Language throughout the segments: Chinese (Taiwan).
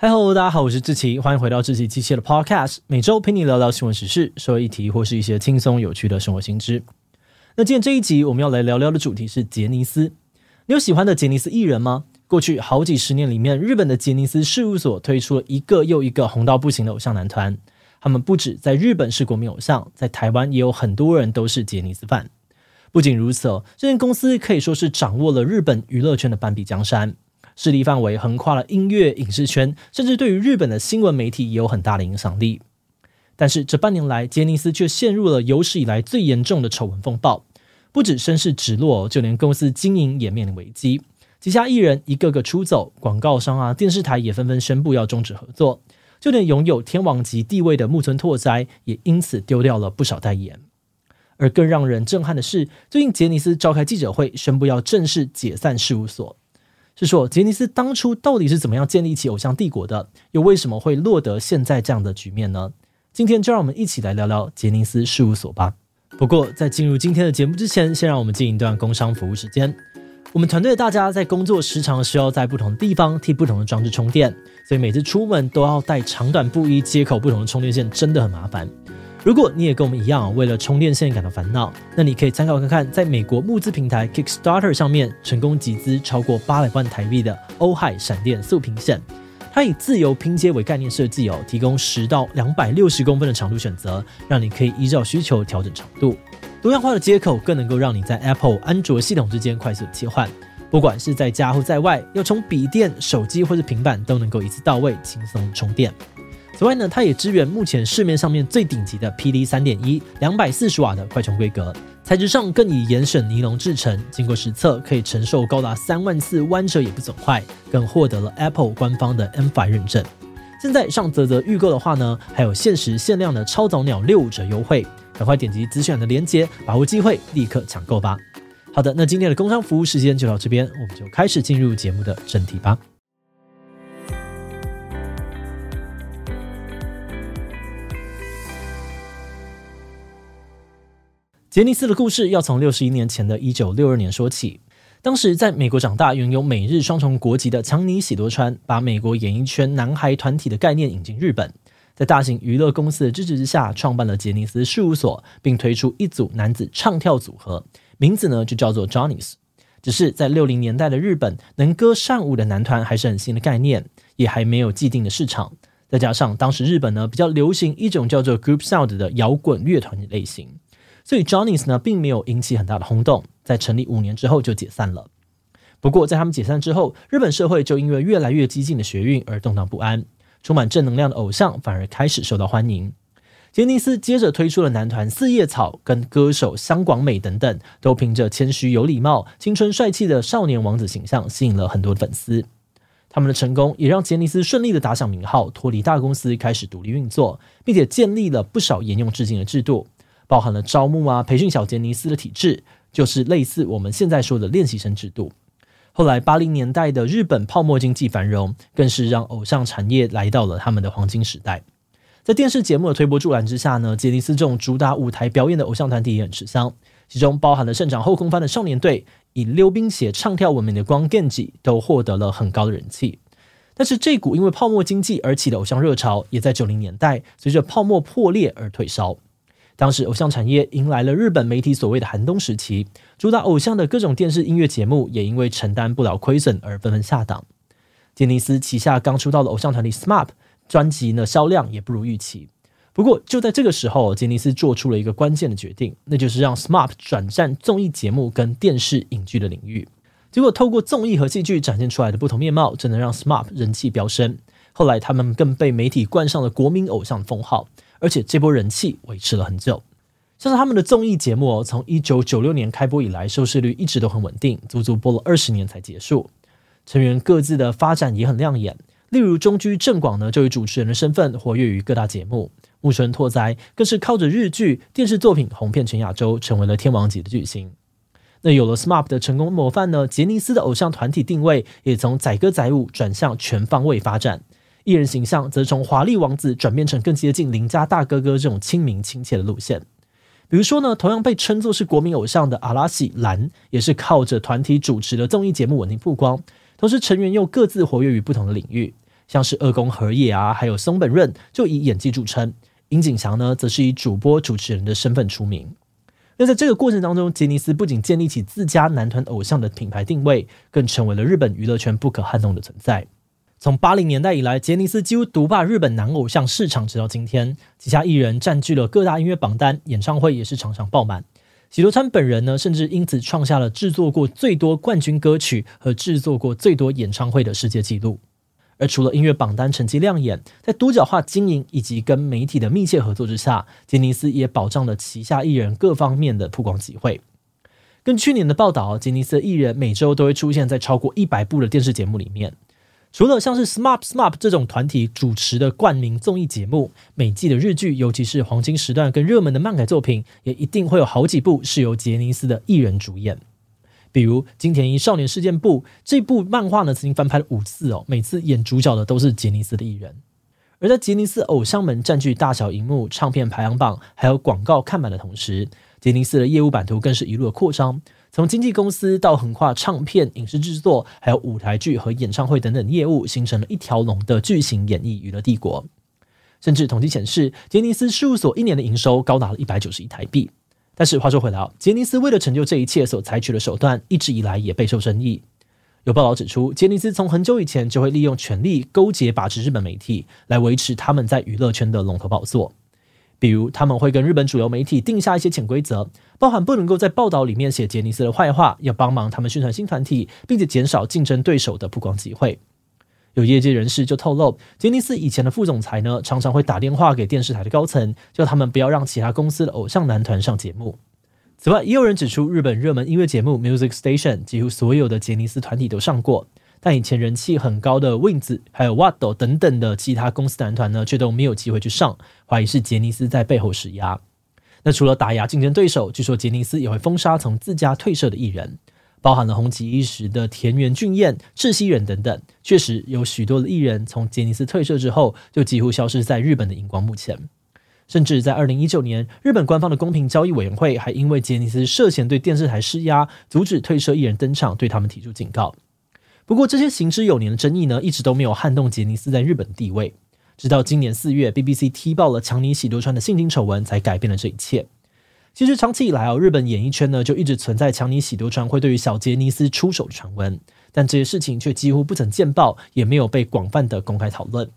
Hiho，大家好，我是志祺，歡迎回到志祺七七的 Podcast。每周陪你聊聊新聞時事、社會議題，或是一些輕鬆有趣的生活新知。那今天這一集我們要來聊聊的主題是傑尼斯。你有喜歡的傑尼斯藝人嗎？過去好幾十年裡面，日本的傑尼斯事務所推出了一個又一個紅到不行的偶像男團。他們不止在日本是國民偶像，在台灣也有很多人都是傑尼斯范。不僅如此，哦，這間公司可以說是掌握了日本娛樂圈的半壁江山。勢力範圍橫跨了音樂、影視圈，甚至對於日本的新聞媒體也有很大的影響力。但是這半年來，傑尼斯卻陷入了有史以來最嚴重的醜聞風暴，不止聲勢直落，就連公司經營也面臨危機。旗下藝人一個個出走，廣告商啊、電視台也紛紛宣布要終止合作。就連擁有天王級地位的木村拓哉也因此丟掉了不少代言。而更讓人震撼的是，最近傑尼斯召開記者會，宣布要正式解散事務所。是說，傑尼斯當初到底是怎麼樣建立起偶像帝國的？又為什麼會落得現在這樣的局面呢？今天就讓我們一起來聊聊傑尼斯事務所吧。不過，在進入今天的節目之前，先讓我們進一段工商服務時間。我們團隊的大家在工作時常需要在不同的地方替不同的裝置充電，所以每次出門都要帶長短不一、接口不同的充電線，真的很麻煩。如果你也跟我們一樣，為了充電線感到煩惱，那你可以參考看看，在美國募資平台 Kickstarter 上面成功集資超過八百萬台幣的 AOHi 閃電速拼線。它以自由拼接為概念設計哦，提供十到兩百六十公分的長度選擇，讓你可以依照需求調整長度。多樣化的接口更能夠讓你在 Apple、安卓系統之間快速切換。不管是在家或在外，要從筆電、手機或是平板都能夠一次到位，輕鬆充電。此外呢，它也支援目前市面上面最頂級的 PD 三點一兩百四十瓦的快充規格。材質上更以嚴選尼龍制成，經過實測可以承受高達三萬次彎折也不損壞，更獲得了 Apple 官方的 MFi 認證。現在上嘖嘖預購的話呢，還有限時限量的超早鳥六五折優惠，趕快點擊資訊欄的鏈接，把握機會，立刻搶購吧。好的，那今天的工商服務時間就到這邊，我們就開始進入節目的正題吧。傑尼斯的故事要從六十一年前的1962年說起。當時在美國長大、擁有美日雙重國籍的強尼喜多川，把美國演藝圈男孩團體的概念引進日本，在大型娛樂公司的支持之下，創辦了傑尼斯事務所，並推出一組男子唱跳組合，名字呢就叫做 Johnny's。只是在六零年代的日本，能歌善舞的男團還是很新的概念，也還沒有既定的市場。再加上當時日本呢比較流行一種叫做 Group Sound 的搖滾樂團的類型。所以，Johnny's 呢並沒有引起很大的轟動，在成立五年之後就解散了。不過，在他們解散之後，日本社會就因為越來越激進的學運而動盪不安，充滿正能量的偶像反而開始受到歡迎。傑尼斯接着推出了男團四葉草，跟歌手鄉廣美等等，都憑着謙虛有禮貌、青春帥氣的少年王子形象吸引了很多的粉絲。他們的成功也讓傑尼斯順利地打響名號，脫離大公司開始獨立運作，並且建立了不少沿用至今的制度。包含了招募啊、培訓小傑尼斯的體制，就是類似我們現在說的練習生制度。後來八零年代的日本泡沫經濟繁榮，更是讓偶像產業來到了他們的黃金時代。在電視節目的推波助瀾之下呢，傑尼斯這種主打舞台表演的偶像團體也很吃香，其中包含了擅長後空翻的少年隊，以溜冰鞋唱跳聞名的光 GENJI，都獲得了很高的人氣。但是這股因為泡沫經濟而起的偶像熱潮，也在九零年代隨着泡沫破裂而退燒。當時，偶像產業迎來了日本媒體所謂的寒冬時期，主打偶像的各種電視音樂節目也因為承擔不了虧損而紛紛下檔。傑尼斯旗下剛出道的偶像團體 SMAP 專輯呢，銷量也不如預期。不過就在這個時候，傑尼斯做出了一個關鍵的決定，那就是讓 SMAP 轉戰綜藝節目跟電視影劇的領域。結果，透過綜藝和戲劇展現出來的不同面貌，真能讓 SMAP 人氣飆升。後來，他們更被媒體冠上了“國民偶像”的封號。而且這波人氣維持了很久，像是他們的綜藝節目哦，從一九九六年開播以來，收視率一直都很穩定，足足播了二十年才結束。成員各自的發展也很亮眼，例如中居正廣呢，就以主持人的身份活躍於各大節目；木村拓哉更是靠着日劇、電視作品紅遍全亞洲，成為了天王級的巨星。那有了 SMAP 的成功模範呢，傑尼斯的偶像團體定位也從載歌載舞轉向全方位發展。藝人形象則從華麗王子轉變成更接近鄰家大哥哥這種親民親切的路線。比如說呢，同樣被稱作是國民偶像的阿拉西嵐，也是靠着團體主持的綜藝節目穩定曝光。同時，成員又各自活躍於不同的領域，像是二宮和也啊，還有松本潤就以演技著稱。櫻井翔呢，則是以主播主持人的身份出名。那在這個過程當中，傑尼斯不僅建立起自家男團偶像的品牌定位，更成為了日本娛樂圈不可撼動的存在。從八零年代以來，傑尼斯幾乎獨霸日本男偶像市場，直到今天，旗下藝人佔據了各大音樂榜單，演唱會也是場場爆滿。喜多川本人呢，甚至因此創下了製作過最多冠軍歌曲和製作過最多演唱會的世界紀錄。而除了音樂榜單成績亮眼，在多角化經營以及跟媒體的密切合作之下，傑尼斯也保障了旗下藝人各方面的曝光機會。根據去年的報道，傑尼斯的藝人每週都會出現在超過一百部的電視節目裡面。除了像是 SMAP SMAP 這種團體主持的冠名綜藝節目，每季的日劇，尤其是黃金時段跟熱門的漫改作品，也一定會有好幾部是由傑尼斯的藝人主演。比如金田一少年事件簿這部漫畫呢，曾經翻拍了五次哦，每次演主角的都是傑尼斯的藝人。而在傑尼斯偶像們占據大小熒幕、唱片排行榜，還有廣告看板的同時，傑尼斯的業務版圖更是一路的擴張。從經紀公司到橫跨唱片、影視制作，還有舞台劇和演唱會等等業務，形成了一條龍的巨型演藝娛樂帝國。甚至統計顯示，傑尼斯事務所一年的營收高達了一百九十億台幣。但是話說回來，傑尼斯為了成就這一切所採取的手段，一直以來也備受爭議。有報道指出，傑尼斯從很久以前就會利用權力勾結把持日本媒體，來維持他們在娛樂圈的龍頭寶座。比如，他們會跟日本主流媒體定下一些潛規則，包含不能夠在報道裡面寫傑尼斯的壞話，要幫忙他們宣傳新團體，並且減少競爭對手的曝光機會。有業界人士就透露，傑尼斯以前的副總裁呢，常常會打電話給電視台的高層，叫他們不要讓其他公司的偶像男團上節目。此外，也有人指出，日本熱門音樂節目《Music Station》幾乎所有的傑尼斯團體都上過。但以前人氣很高的 Wings 還有 WaT 等等的其他公司男團呢，卻都沒有機會去上，懷疑是傑尼斯在背後施壓。那除了打壓競爭對手，據說傑尼斯也會封殺從自家退社的藝人，包含了紅極一時的田原俊彥、赤西仁等等。確實有許多的藝人從傑尼斯退社之後，就幾乎消失在日本的熒光幕前。甚至在二零一九年，日本官方的公平交易委員會還因為傑尼斯涉嫌對電視臺施壓，阻止退社藝人登場，對他們提出警告。不過，這些行之有年的爭議呢，一直都沒有撼動傑尼斯在日本的地位。直到今年四月，BBC 踢爆了強尼喜多川的性侵醜聞，才改變了這一切。其實，長期以來啊，日本演藝圈呢就一直存在強尼喜多川會對於小傑尼斯出手的傳聞，但這些事情卻幾乎不曾見報，也沒有被廣泛的公開討論。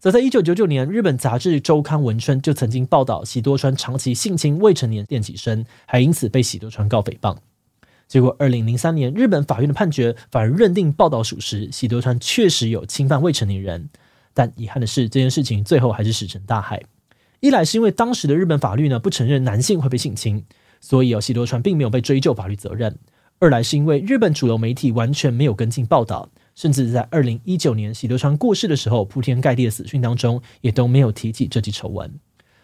早在一九九九年，日本雜誌週刊文春就曾經報道喜多川長期性侵未成年練習生，還因此被喜多川告誹謗。結果，二零零三年日本法院的判決反而認定報道屬實，喜多川確實有侵犯未成年人。但遺憾的是，這件事情最後還是石沉大海。一來是因為當時的日本法律呢不承認男性會被性侵，所以哦、啊、喜多川並沒有被追究法律責任；二來是因為日本主流媒體完全沒有跟進報道，甚至在二零一九年喜多川過世的時候，鋪天蓋地的死訊當中也都沒有提起這起醜聞。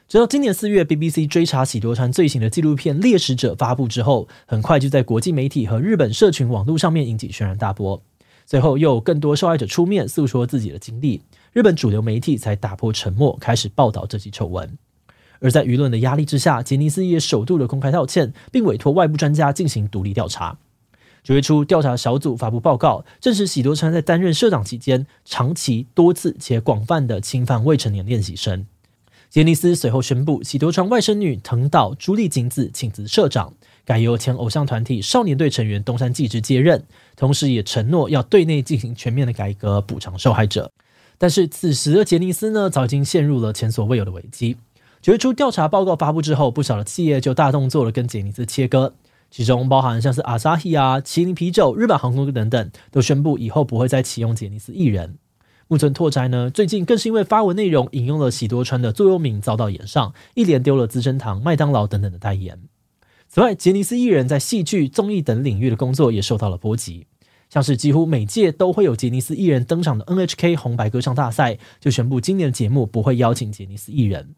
直到今年四月，BBC 追查喜多川罪行的紀錄片《獵食者》發布之後，很快就在國際媒體和日本社群網絡上面引起軒然大波。隨後又有更多受害者出面訴說自己的經歷，日本主流媒體才打破沉默，開始報道這起醜聞。而在輿論的壓力之下，傑尼斯也首度的公開道歉，並委托外部專家進行獨立調查。九月初，調查小組發布報告，證實喜多川在擔任社長期間，長期多次且廣泛的侵犯未成年練習生。傑尼斯隨後宣布，喜多川外甥女藤島朱莉景子請辭社長，改由前偶像團體少年隊成員東山紀之接任。同時，也承諾要對內進行全面的改革，補償受害者。但是，此時的傑尼斯呢，早已經陷入了前所未有的危機。九月初調查報告發布之後，不少的企業就大動作了跟傑尼斯切割，其中包含像是 Asahi 啊、麒麟啤酒、日本航空等等，都宣布以後不會再啟用傑尼斯藝人。木村拓哉呢，最近更是因為发文內容引用了喜多川的座右銘，遭到炎上，一連丟了資生堂、麥當勞等等的代言。此外，傑尼斯藝人在，在戲劇、綜藝等領域的工作也受到了波及。像是幾乎每屆都會有杰尼斯藝人登場的 NHK 紅白歌唱大賽，就宣布今年的節目不會邀請傑尼斯藝人。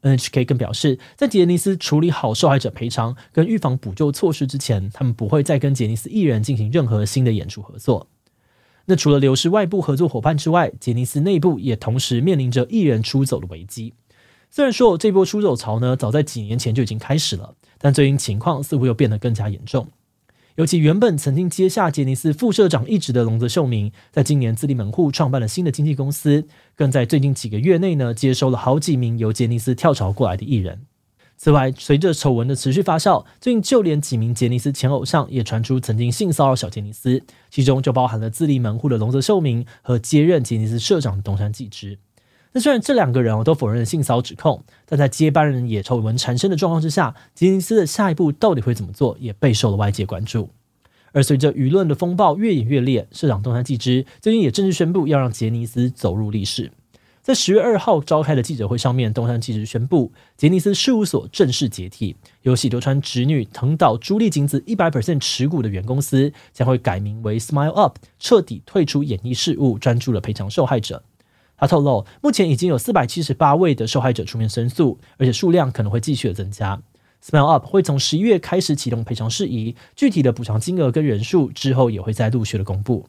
NHK 更表示，在傑尼斯處理好受害者賠償跟預防補救措施之前，他們不會再跟傑尼斯藝人進行任何新的演出合作。那除了流失外部合作夥伴之外，傑尼斯內部也同時面臨着藝人出走的危機。雖然說這波出走潮呢，早在幾年前就已經開始了，但最近情況似乎又變得更加嚴重。尤其原本曾經接下傑尼斯副社長一職的瀧澤秀明，在今年自立門戶創辦了新的經紀公司，更在最近幾個月內呢，接收了好幾名由傑尼斯跳槽過來的藝人。此外，隨着醜聞的持續發酵，最近就連幾名傑尼斯前偶像也傳出曾經性騷擾小傑尼斯，其中就包含了自立門戶的瀧澤秀明和接任傑尼斯社長的東山紀之。那雖然這兩個人哦都否認了性騷指控，但在接班人也醜聞纏身的狀況之下，傑尼斯的下一步到底會怎麼做，也備受了外界關注。而隨着輿論的風暴越演越烈，社長東山紀之最近也正式宣布要讓傑尼斯走入歷史。在十月二號召開的記者會上面，東山紀之宣布傑尼斯事務所正式解體，由喜多川侄女藤島朱麗金子一百 percent 持股的原公司將會改名為 Smile Up，徹底退出演藝事務，專注了賠償受害者。他透露，目前已經有四百七十八位的受害者出面申訴，而且數量可能會繼續的增加。Smile Up 會從十一月開始啟動賠償事宜，具體的補償金額跟人數之後也會再陸續的公布。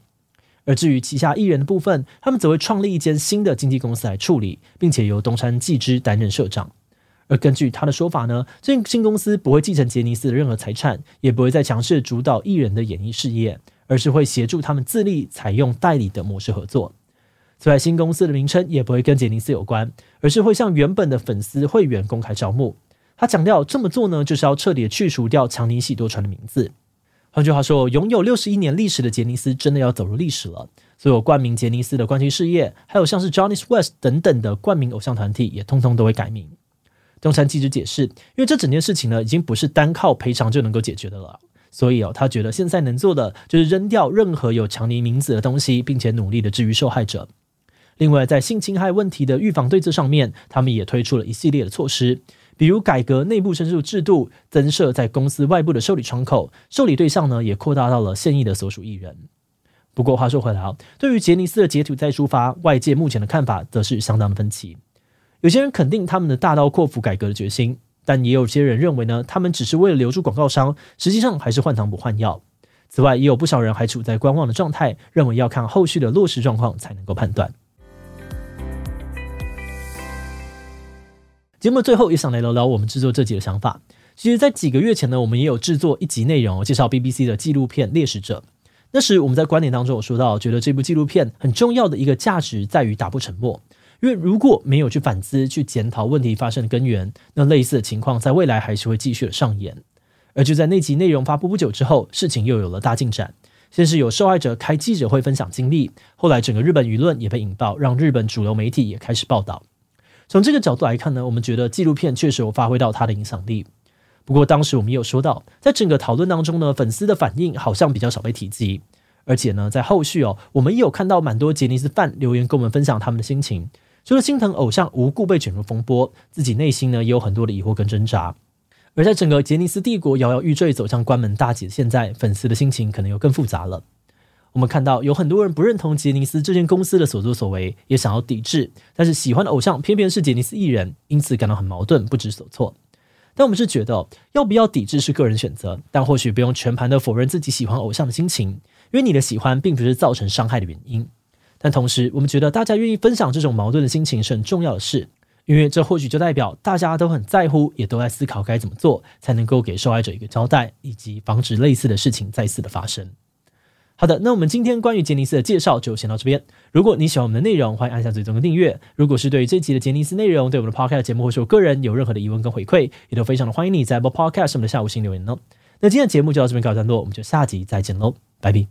而至於旗下藝人的部分，他們則會創立一間新的經紀公司來處理，並且由東山紀之擔任社長。而根據他的說法呢，這新公司不會繼承傑尼斯的任何財產，也不會再強勢主導藝人的演藝事業，而是會協助他們自立，採用代理的模式合作。此外，新公司的名稱也不會跟傑尼斯有關，而是會向原本的粉絲會員公開招募。他強調，這麼做呢，就是要徹底去除掉強尼喜多川的名字。換句話說，擁有六十一年歷史的傑尼斯真的要走入歷史了。所有冠名傑尼斯的關係事業，還有像是 Johnny's West 等等的冠名偶像團體，也通通都會改名。東山記者解釋，因為這整件事情呢，已經不是單靠賠償就能夠解決的了，所以哦，他覺得現在能做的就是扔掉任何有強尼名字的東西，并且努力的治癒受害者。另外，在性侵害問題的預防對策上面，他們也推出了一系列的措施。比如改革內部申訴制度，增設在公司外部的受理窗口，受理對象呢也擴大到了現役的所屬藝人。不過話說回來啊，對於傑尼斯的解體再出發，外界目前的看法則是相當的分歧。有些人肯定他們的大刀闊斧改革的決心，但也有些人認為呢，他們只是為了留住廣告商，實際上還是換湯不換藥。此外，也有不少人還處在觀望的狀態，認為要看後續的落實狀況才能夠判斷。節目最後也想來聊聊我們製作這集的想法。其實，在幾個月前呢，我們也有製作一集內容，介紹 BBC 的紀錄片《獵食者》。那時我們在觀點當中有說到，覺得這部紀錄片很重要的一個價值在於打破沉默，因為如果沒有去反思、去檢討問題發生的根源，那類似的情況在未來還是會繼續的上演。而就在那集內容發布不久之後，事情又有了大進展。先是有受害者開記者會分享經歷，後來整個日本輿論也被引爆，讓日本主流媒體也開始報道。從這個角度來看呢，我們覺得紀錄片確實有發揮到它的影響力。不過當時我們也有說到，在整個討論當中呢，粉絲的反應好像比較少被提及，而且呢，在後續哦，我們也有看到蠻多傑尼斯飯留言跟我們分享他們的心情，就是心疼偶像無故被捲入風波，自己內心呢也有很多的疑惑跟掙扎。而在整個傑尼斯帝國搖搖欲墜、走向關門大吉的現在，粉絲的心情可能又更複雜了。我們看到有很多人不認同傑尼斯這間公司的所作所為，也想要抵制，但是喜歡的偶像偏偏是傑尼斯藝人，因此感到很矛盾，不知所措。但我們是覺得要不要抵制是個人選擇，但或許不用全盤的否認自己喜歡偶像的心情，因為你的喜歡並不是造成傷害的原因。但同時，我們覺得大家願意分享這種矛盾的心情是很重要的事，因為這或許就代表大家都很在乎，也都在思考該怎麼做才能夠給受害者一個交代，以及防止類似的事情再次的發生。好的，那我們今天關於傑尼斯的介紹就先到這邊。如果你喜歡我們的內容，歡迎按下最終的訂閱。如果是對於這期的傑尼斯內容，對我們的 Podcast 節目，或是我個人有任何的疑問跟回饋，也都非常的歡迎你在播 podcast 上的下方進行留言哦。那今天的節目就到這邊告一段落，我們就下集再見嘍，拜拜。